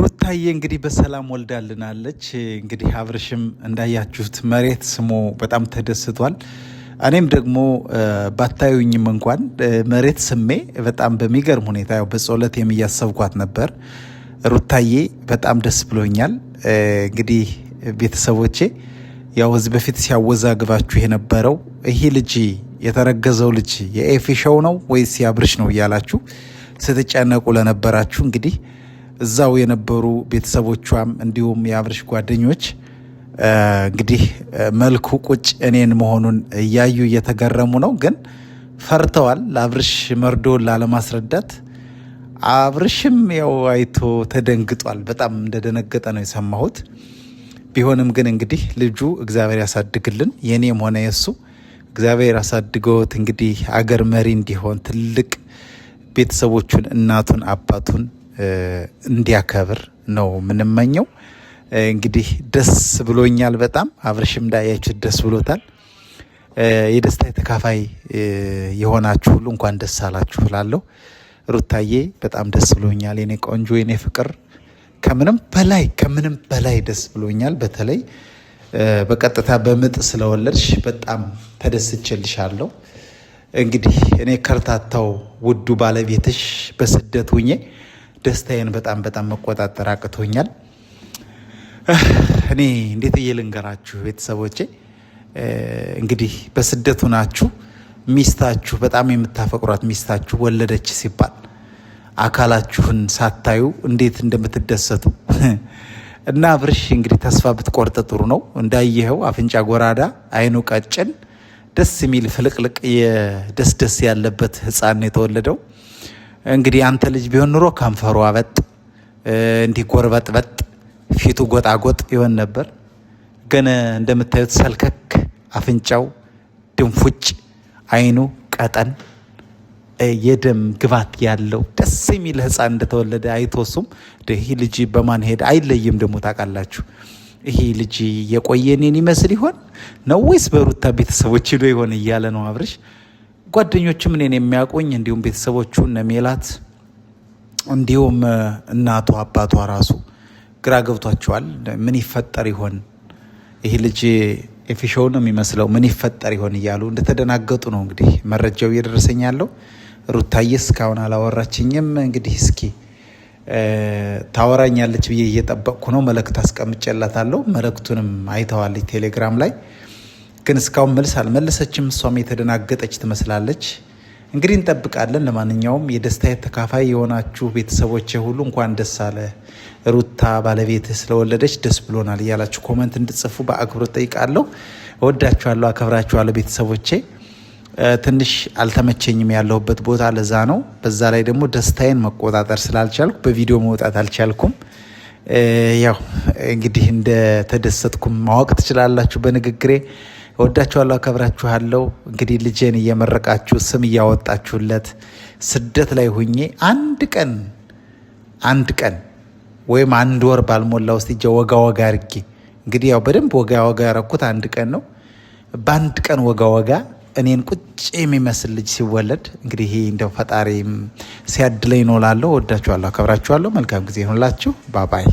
ሩታዬ እንግዲህ በሰላም ወልዳልናለች። እንግዲህ አብርሽም እንዳያችሁት መሬት ስሞ በጣም ተደስቷል። እኔም ደግሞ ባታዩኝም እንኳን መሬት ስሜ በጣም በሚገርም ሁኔታ ያው በጸሎት የሚያሰብኳት ነበር። ሩታዬ በጣም ደስ ብሎኛል። እንግዲህ ቤተሰቦቼ ያው እዚህ በፊት ሲያወዛግባችሁ የነበረው ይሄ ልጅ የተረገዘው ልጅ የኤፌ ነው ወይስ ያብርሽ ነው እያላችሁ ስትጨነቁ ለነበራችሁ እንግዲህ እዛው የነበሩ ቤተሰቦቿም እንዲሁም የአብርሽ ጓደኞች እንግዲህ መልኩ ቁጭ እኔን መሆኑን እያዩ እየተገረሙ ነው። ግን ፈርተዋል፣ ለአብርሽ መርዶ ላለማስረዳት። አብርሽም ያው አይቶ ተደንግጧል። በጣም እንደደነገጠ ነው የሰማሁት። ቢሆንም ግን እንግዲህ ልጁ እግዚአብሔር ያሳድግልን የኔም ሆነ የሱ እግዚአብሔር አሳድጎት እንግዲህ አገር መሪ እንዲሆን ትልቅ ቤተሰቦቹን እናቱን አባቱን እንዲያከብር ነው የምንመኘው። እንግዲህ ደስ ብሎኛል በጣም አብርሽም እንዳያችሁት ደስ ብሎታል። የደስታ ተካፋይ የሆናችሁ ሁሉ እንኳን ደስ አላችሁ እላለሁ። ሩታዬ በጣም ደስ ብሎኛል የኔ ቆንጆ የኔ ፍቅር ከምንም በላይ ከምንም በላይ ደስ ብሎኛል በተለይ በቀጥታ በምጥ ስለወለድሽ በጣም ተደስችልሻለሁ። እንግዲህ እኔ ከርታታው ውዱ ባለቤትሽ በስደት ሁኜ ደስታዬን በጣም በጣም መቆጣጠር አቅቶኛል። እኔ እንዴት እየልንገራችሁ ቤተሰቦቼ፣ እንግዲህ በስደቱ ናችሁ። ሚስታችሁ በጣም የምታፈቅሯት ሚስታችሁ ወለደች ሲባል አካላችሁን ሳታዩ እንዴት እንደምትደሰቱ እና አብርሽ እንግዲህ ተስፋ ብትቆርጥ ጥሩ ነው። እንዳየኸው አፍንጫ ጎራዳ፣ አይኑ ቀጭን፣ ደስ የሚል ፍልቅልቅ የደስ ደስ ያለበት ህፃን የተወለደው እንግዲህ አንተ ልጅ ቢሆን ኑሮ ከንፈሩ አበጥ እንዲህ ጎርበጥበጥ፣ ፊቱ ጎጣጎጥ ይሆን ነበር። ግን እንደምታዩት ሰልከክ አፍንጫው ድንፉጭ፣ አይኑ ቀጠን የደም ግባት ያለው ደስ የሚል ህፃን እንደተወለደ አይቶሱም። ይህ ልጅ በማን ሄድ አይለይም። ደግሞ ታውቃላችሁ ይሄ ልጅ የቆየ እኔን ይመስል ይሆን ነው ወይስ በሩታ ቤተሰቦች ሄዶ ይሆን እያለ ነው አብርሽ። ጓደኞችም እኔን የሚያውቁኝ እንዲሁም ቤተሰቦቹ ነሜላት እንዲሁም እናቱ አባቷ ራሱ ግራ ገብቷቸዋል። ምን ይፈጠር ይሆን ይህ ልጅ የፊሾው ነው የሚመስለው ምን ይፈጠር ይሆን እያሉ እንደተደናገጡ ነው እንግዲህ መረጃው እየደረሰኝ ያለው። ሩታዬ እስካሁን አላወራችኝም። እንግዲህ እስኪ ታወራኛለች ብዬ እየጠበቅኩ ነው። መልእክት አስቀምጬላታለሁ። መልእክቱንም አይተዋለች ቴሌግራም ላይ ግን እስካሁን መልስ አልመለሰችም። እሷም የተደናገጠች ትመስላለች። እንግዲህ እንጠብቃለን። ለማንኛውም የደስታ ተካፋይ የሆናችሁ ቤተሰቦች ሁሉ እንኳን ደስ አለ ሩታ ባለቤት ስለወለደች ደስ ብሎናል እያላችሁ ኮመንት እንድጽፉ በአክብሮት ጠይቃለሁ። እወዳችኋለሁ፣ አከብራችኋለሁ ቤተሰቦቼ። ትንሽ አልተመቸኝም ያለሁበት ቦታ ለዛ ነው። በዛ ላይ ደግሞ ደስታዬን መቆጣጠር ስላልቻልኩ በቪዲዮ መውጣት አልቻልኩም። ያው እንግዲህ እንደ ማወቅ ትችላላችሁ በንግግሬ። ወዳችኋለሁ፣ አከብራችኋለሁ። እንግዲህ ልጄን እየመረቃችሁ ስም እያወጣችሁለት ስደት ላይ ሁኜ አንድ ቀን አንድ ቀን ወይም አንድ ወር ባልሞላ ውስጥ እጃ ወጋ ወጋ አድርጌ እንግዲህ ያው በደንብ ወጋ ወጋ ያረኩት አንድ ቀን ነው። በአንድ ቀን ወጋ ወጋ እኔን ቁጭ የሚመስል ልጅ ሲወለድ እንግዲህ ይሄ እንደው ፈጣሪም ሲያድለኝ ኖላለሁ። ወዳችኋለሁ፣ አከብራችኋለሁ። መልካም ጊዜ ይሁንላችሁ። ባባይ